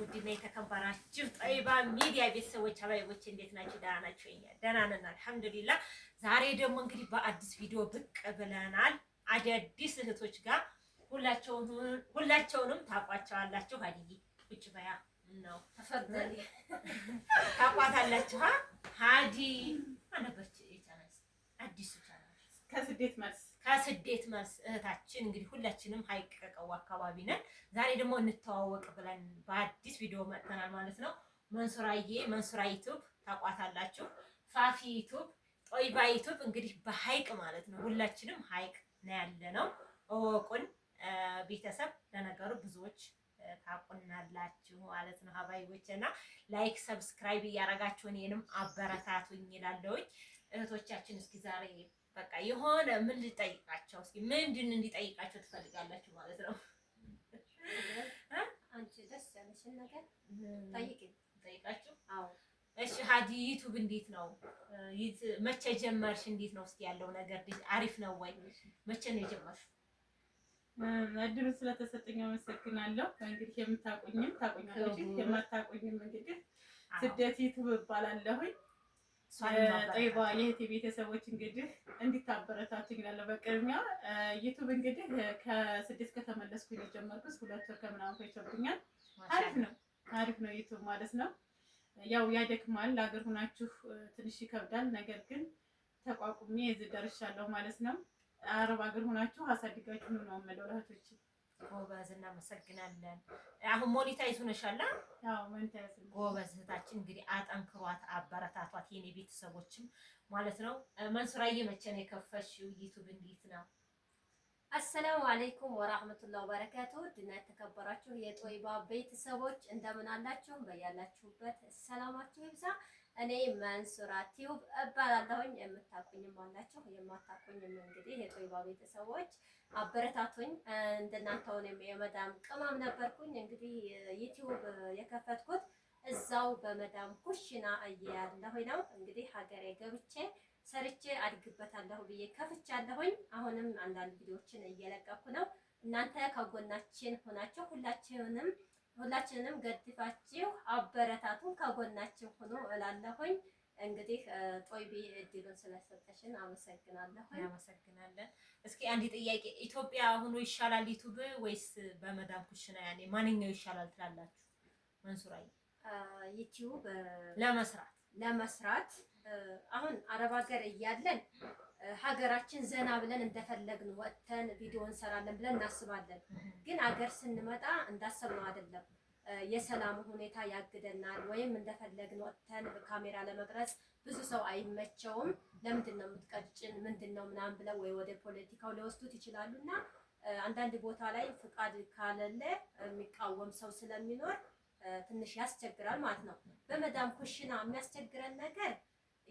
ውድና የተከበራችሁ ጠይባ ሚዲያ ቤተሰቦች አባይቦች እንዴት ናችሁ? ደህና ናችሁ? እኛ ደህና ነን አልሐምዱሊላህ። ዛሬ ደግሞ እንግዲህ በአዲስ ቪዲዮ ብቅ ብለናል። አዳዲስ እህቶች ጋር ሁላቸውንም ታቋቸዋላችሁ። ሀዲዬ ቁጭ በያ ነው ተፈበል ታቋታላችሁ። ሀዲ አነበች የተነስ አዲሱ ከስደት መልስ ከስደት እህታችን እንግዲህ ሁላችንም ሀይቅ ቀቀው አካባቢ ነን። ዛሬ ደግሞ እንተዋወቅ ብለን በአዲስ ቪዲዮ መጥተናል ማለት ነው። መንሱራዬ መንሱራ ዩቱብ ታቋታላችሁ፣ ፋፊ ዩቱብ፣ ጦይባ ዩቱብ እንግዲህ በሀይቅ ማለት ነው። ሁላችንም ሀይቅ ነው ያለ ነው። እወቁን ቤተሰብ። ለነገሩ ብዙዎች ታቁናላችሁ ማለት ነው። ሀባይቦች እና ላይክ ሰብስክራይብ እያረጋችሁን እኔንም አበረታቱኝ ይላለውኝ እህቶቻችን እስኪ ዛሬ በቃ የሆነ ምን ልጠይቃቸው እስኪ ምንድን እንዲጠይቃቸው ትፈልጋላችሁ ማለት ነው? አንቺ ደስ ያለሽን ነገር ጠይቂኝ። ጠይቃችሁ። አዎ እሺ ሀጂ ዩቱብ እንዴት ነው? መቼ ጀመርሽ? እንዴት ነው እስኪ ያለው ነገር አሪፍ ነው ወይ? መቼ ነው የጀመርሽ? እድሉ ስለተሰጠኝ አመሰግናለሁ። እንግዲህ የምታቆኝም ታቆኛለች፣ የማታቆኝም እንግዲህ ስደት ዩቱብ እባላለሁኝ ጠይባ የእህቴ ቤተሰቦች እንግዲህ እንዲታበረታቱኝ እላለሁ። በቅድሚያ ዩቱብ እንግዲህ ከስድስት ከተመለስኩ የጀመርኩት ሁለት ወር ከምናምን ፈጅቶብኛል። አሪፍ ነው አሪፍ ነው ዩቱብ ማለት ነው። ያው ያደክማል፣ ለሀገር ሁናችሁ ትንሽ ይከብዳል። ነገር ግን ተቋቁሜ እዚህ ደርሻለሁ ማለት ነው። አረብ ሀገር ሁናችሁ አሳድጋችሁ ነው የምለው እህቶች ጎበዝ እናመሰግናለን። አሁን ሞኒታይዝ ሆነሻላ። ጎበዝ እህታችን እንግዲህ አጠንክሯት፣ አበረታቷት የኔ ቤተሰቦችም ማለት ነው። መንሱራዬ መቼ ነው የከፈሽው? ዩቱብ እንዴት ነው? አሰላሙ አለይኩም ወራህመቱላሂ ወበረካቱ ድና የተከበራችሁ የጦይባ ቤተሰቦች እንደምን አላችሁ? በያላችሁበት ሰላማችሁ ይብዛ። እኔ መንሱራ ቲዩብ እባላለሁኝ። የምታቁኝም አላችሁ የማታቁኝም እንግዲህ የጦይባ ቤተሰቦች አበረታቱኝ። እንደናንተውን የመዳም ቅመም ነበርኩኝ። እንግዲህ ዩቲዩብ የከፈትኩት እዛው በመዳም ኩሽና እያለሁኝ ነው። እንግዲህ ሀገሬ ገብቼ ሰርቼ አድግበታለሁ ብዬ ከፍቻለሁኝ። አሁንም አንዳንድ ቪዲዮዎችን እየለቀኩ ነው። እናንተ ከጎናችን ሆናችሁ ሁላችሁንም ሁላችንም ገድፋችሁ አበረታቱን፣ ከጎናችን ሆኖ እላለሁኝ። እንግዲህ ጦይቤ እድሉን ስለሰጠሽን አመሰግናለሁ። አመሰግናለን። እስኪ አንድ ጥያቄ፣ ኢትዮጵያ ሆኖ ይሻላል ዩቱብ ወይስ በመዳም ኩሽና? ያኔ ማንኛው ይሻላል ትላላችሁ? መንሱራይ ዩቲዩብ ለመስራት ለመስራት አሁን አረብ ሀገር እያለን ሀገራችን ዘና ብለን እንደፈለግን ወጥተን ቪዲዮ እንሰራለን ብለን እናስባለን። ግን ሀገር ስንመጣ እንዳሰብነው አይደለም። የሰላም ሁኔታ ያግደናል፣ ወይም እንደፈለግን ወጥተን ካሜራ ለመቅረጽ ብዙ ሰው አይመቸውም። ለምንድን ነው የምትቀጭን? ምንድን ነው ምናምን ብለው ወይ ወደ ፖለቲካው ሊወስዱት ይችላሉ። እና አንዳንድ ቦታ ላይ ፍቃድ ካለለ የሚቃወም ሰው ስለሚኖር ትንሽ ያስቸግራል ማለት ነው። በመዳም ኩሽና የሚያስቸግረን ነገር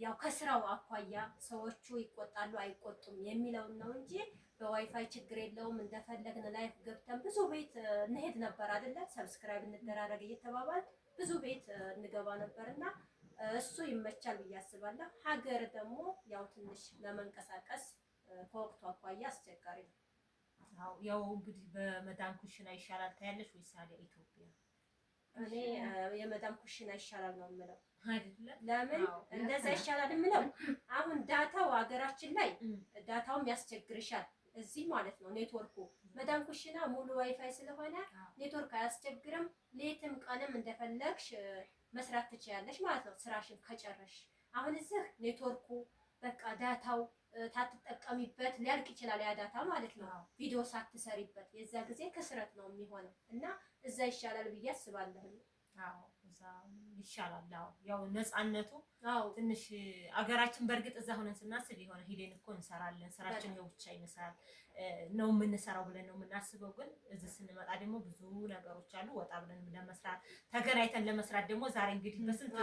ያው ከስራው አኳያ ሰዎቹ ይቆጣሉ አይቆጡም የሚለውን ነው እንጂ በዋይፋይ ችግር የለውም። እንደፈለግን ላይፍ ገብተን ብዙ ቤት እንሄድ ነበር አይደለ? ሰብስክራይብ እንደራረግ እየተባባል ብዙ ቤት እንገባ ነበር እና እሱ ይመቻል ብዬ አስባለሁ። ሀገር ደግሞ ያው ትንሽ ለመንቀሳቀስ ከወቅቱ አኳያ አስቸጋሪ ነው። ያው እንግዲህ በመዳን ኩሽና ይሻላል ታያለሽ ወይስ ኢትዮጵያ? እኔ የመዳም ኩሽና ይሻላል ነው የምለው። ለምን እንደዛ ይሻላል የምለው አሁን ዳታው ሀገራችን ላይ ዳታውም ያስቸግርሻል እዚህ ማለት ነው ኔትወርኩ መዳም ኩሽና ሙሉ ዋይፋይ ስለሆነ ኔትወርክ አያስቸግርም። ሌትም ቀንም እንደፈለግሽ መስራት ትችያለሽ ማለት ነው ስራሽን ከጨረሽ። አሁን እዚህ ኔትወርኩ በቃ ዳታው ታትጠቀሚበት ሊያልቅ ይችላል ያ ዳታ ማለት ነው። ቪዲዮ ሳትሰሪበት የዛ ጊዜ ክስረት ነው የሚሆነው እና እዛ ይሻላል ብዬ አስባለሁ። እዛ ይሻላል። ያው ነፃነቱ ትንሽ አገራችን በእርግጥ እዛ ሆነን ስናስብ የሆነ ሂደን እኮ እንሰራለን ስራችን ነው ብቻ ይመስላል ነው የምንሰራው ብለን ነው የምናስበው። ግን እዚህ ስንመጣ ደግሞ ብዙ ነገሮች አሉ። ወጣ ብለን ለመስራት ተገናኝተን ለመስራት ደግሞ ዛሬ እንግዲህ በስንት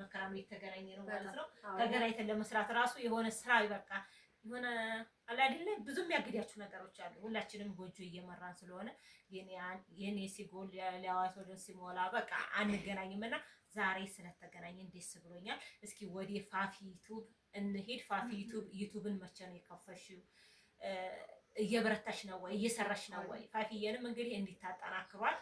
መከራ የተገናኘ ነው ማለት ነው። ተገናኝተን ለመስራት ራሱ የሆነ ስራ ይበቃ የሆነ አለ አይደለ ብዙ የሚያግዳችሁ ነገሮች አሉ። ሁላችንም ጎጆ እየመራን ስለሆነ የኔ ሲጎል ሊያዋሶደን ሲሞላ በቃ አንገናኝም እና ዛሬ ስለተገናኘን ደስ ብሎኛል። እስኪ ወደ ፋፊ ዩቱብ እንሄድ። ፋፊ ዩቱብ ዩቱብን መቼ ነው የከፈሽው? እየበረታሽ ነው ወይ እየሰራሽ ነው ወይ? ፋፊየንም እንግዲህ እንዲታጠናክሯል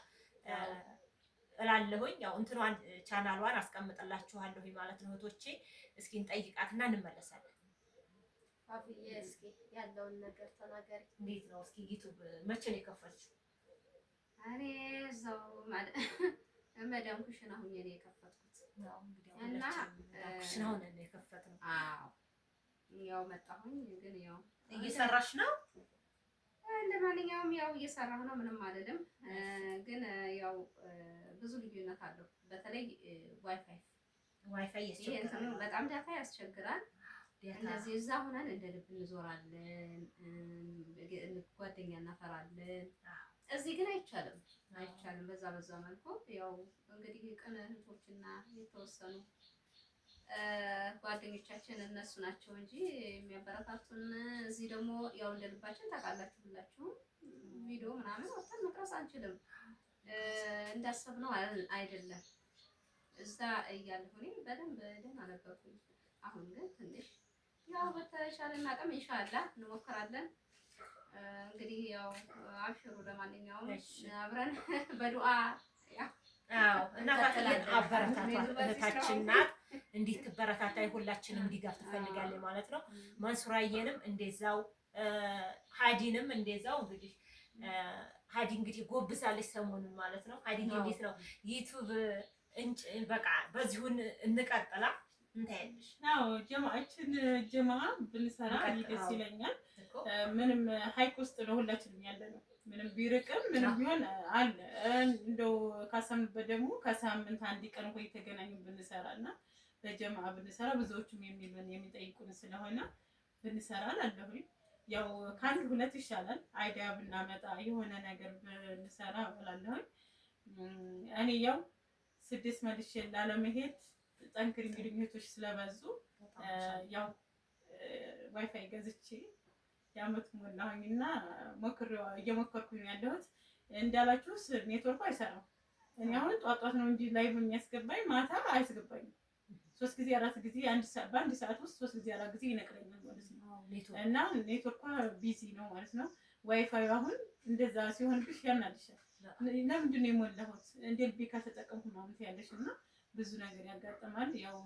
እላለሁኝ። ያው እንትኗን ቻናሏን አስቀምጥላችኋለሁኝ ማለት ነው። እህቶቼ እስኪ እንጠይቃትና እንመለሳለን። አብዬ እስኪ ያለውን ነገር ተናገሪ። እንዴት ነው እስኪ ዩቱብ መቼ ነው የከፈትሽው? እኔ እዛው መዳም ኩሽና ሁኜ ነው የከፈትኩት እና ኩሽና ሆነን ነው የከፈትነው። ያው መጣሁኝ፣ ግን ያው እየሰራሽ ነው። ለማንኛውም ያው እየሰራሁ ነው፣ ምንም አልልም። ግን ያው ብዙ ልዩነት አለው። በተለይ ዋይፋይ ዋይፋይ በጣም ዳታ ያስቸግራል። እንደዚህ እዛ ሆነን እንደ ልብ እንዞራለን፣ ጓደኛ እናፈራለን። እዚህ ግን አይቻልም አይቻልም። በዛ በዛ መልኩ ያው እንግዲህ ቅን እህቶችና የተወሰኑ ጓደኞቻችን እነሱ ናቸው እንጂ የሚያበረታቱን። እዚህ ደግሞ ያው እንደ ልባችን ታውቃላችሁ፣ ሁላችሁም ቪዲዮ ምናምን ወጥተን መቅረጽ አንችልም። እንዳሰብነው አይደለም። እዛ እያለሁ እኔ በደንብ ደህና ነበርኩኝ። አሁን ግን ትንሽ ያው በተሻለና አቅም ኢንሻአላህ እንሞክራለን። እንግዲህ ያው አብሽሩ። ለማንኛውም አብረን በዱአ አዎ፣ እና አበረታቷት። እህታችን ናት እንዲትበረታታ ሁላችንም እንዲጋፍ ትፈልጋለች ማለት ነው። መንሱራዬንም እንደዛው፣ ሀዲንም እንደዛው። እንግዲህ ሀዲ እንግዲህ ጎብዛለች ሰሞኑን ማለት ነው። ሀዲ እንዴት ነው ዩቲዩብ በቃ በዚሁን እንቀጥላ እንታያለሽ። አዎ ጀማዓችን ብንሰራ ደስ ይለኛል። ምንም ሀይቅ ውስጥ ነው ሁላችንም ያለ ነው። ምንም ቢርቅም ምንም ቢሆን አለ። እንደው ካሰምንበት ደግሞ ከሳምንት አንድ ቀን ወይ የተገናኙ ብንሰራ እና በጀማዓ ብንሰራ ብዙዎቹም የሚሉን የሚጠይቁን ስለሆነ ብንሰራ አላለሁኝ። ያው ከአንድ ሁለት ይሻላል። አይዲያ ብናመጣ የሆነ ነገር ብንሰራ እላለሁኝ። እኔ ያው ስድስት መልሼ ላለመሄድ ጠንክር እንግዲህ እህቶች ስለበዙ ያው ዋይፋይ ገዝቼ የአመት ሞላሁኝ እና ሞክሬው እየሞከርኩኝ ያለሁት እንዳላችሁስ ኔትወርኩ አይሰራም። እኔ አሁን ጧጧት ነው እንጂ ላይ የሚያስገባኝ ማታ አያስገባኝም። ሶስት ጊዜ አራት ጊዜ በአንድ ሰዓት ውስጥ ሶስት ጊዜ አራት ጊዜ ይነቅረኛል ማለት ነው። እና ኔትወርኩ ቢዚ ነው ማለት ነው። ዋይፋይ አሁን እንደዛ ሲሆንብሽ ያናድሻል። ለምንድን ነው የሞላሁት እንደ ልቤ ካልተጠቀምኩ ማለት ያለሽ እና ብዙ ነገር ያጋጥማል። ያው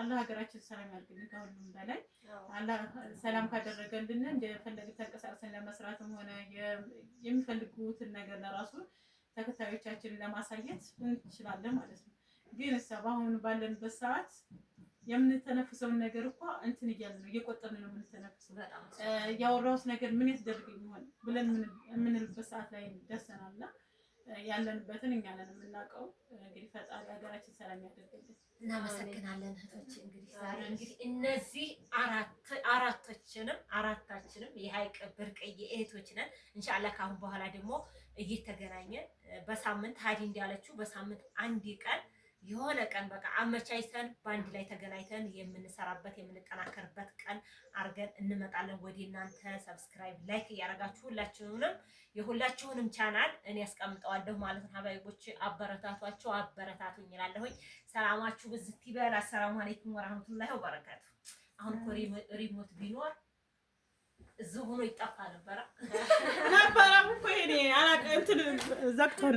አላህ ሀገራችን ሰላም ያድርግልን። ከሁሉም በላይ አላህ ሰላም ካደረገልን እንደፈለግ ተንቀሳቅሰን ለመስራትም ሆነ የሚፈልጉትን ነገር ለራሱ ተከታዮቻችንን ለማሳየት እንችላለን ማለት ነው። ግን እሳ በአሁኑ ባለንበት ሰዓት የምንተነፍሰውን ነገር እኮ እንትን እያልን ነው እየቆጠርን ነው የምንተነፍሰው። ያወራሁት ነገር ምን ያስደርገኝ ይሆን ብለን የምንልበት ሰዓት ላይ ደርሰናልና ያለንበትን እኛ ነን የምናውቀው። እንግዲህ ፈጣሪ ሀገራችን ሰላም ያደርግልን። እናመሰግናለን እህቶች። እንግዲህ ዛሬ እንግዲህ እነዚህ አራቶችንም አራታችንም የሀይቅ ብርቅዬ እህቶች ነን። እንሻላ ከአሁን በኋላ ደግሞ እየተገናኘን በሳምንት ሀዲ እንዳለችው በሳምንት አንድ ቀን የሆነ ቀን በቃ አመቻችተን በአንድ ላይ ተገናኝተን የምንሰራበት የምንጠናከርበት ቀን አድርገን እንመጣለን። ወደ እናንተ ሰብስክራይብ፣ ላይክ እያደረጋችሁ ሁላችሁንም የሁላችሁንም ቻናል እኔ ያስቀምጠዋለሁ ማለት ነው። ሀባይቦች አበረታቷቸው፣ አበረታቱኝ እላለሁኝ። ሰላማችሁ ብዝት ይበል። አሰላሙ አለይኩም ወራህመቱላሂ ወበረካቱ። አሁን እኮ ሪሞት ቢኖር እዚሁ ሆኖ ይጠፋ ነበረ ነበረ እኮ ይሄኔ አላውቅም እንትን ዘግቶ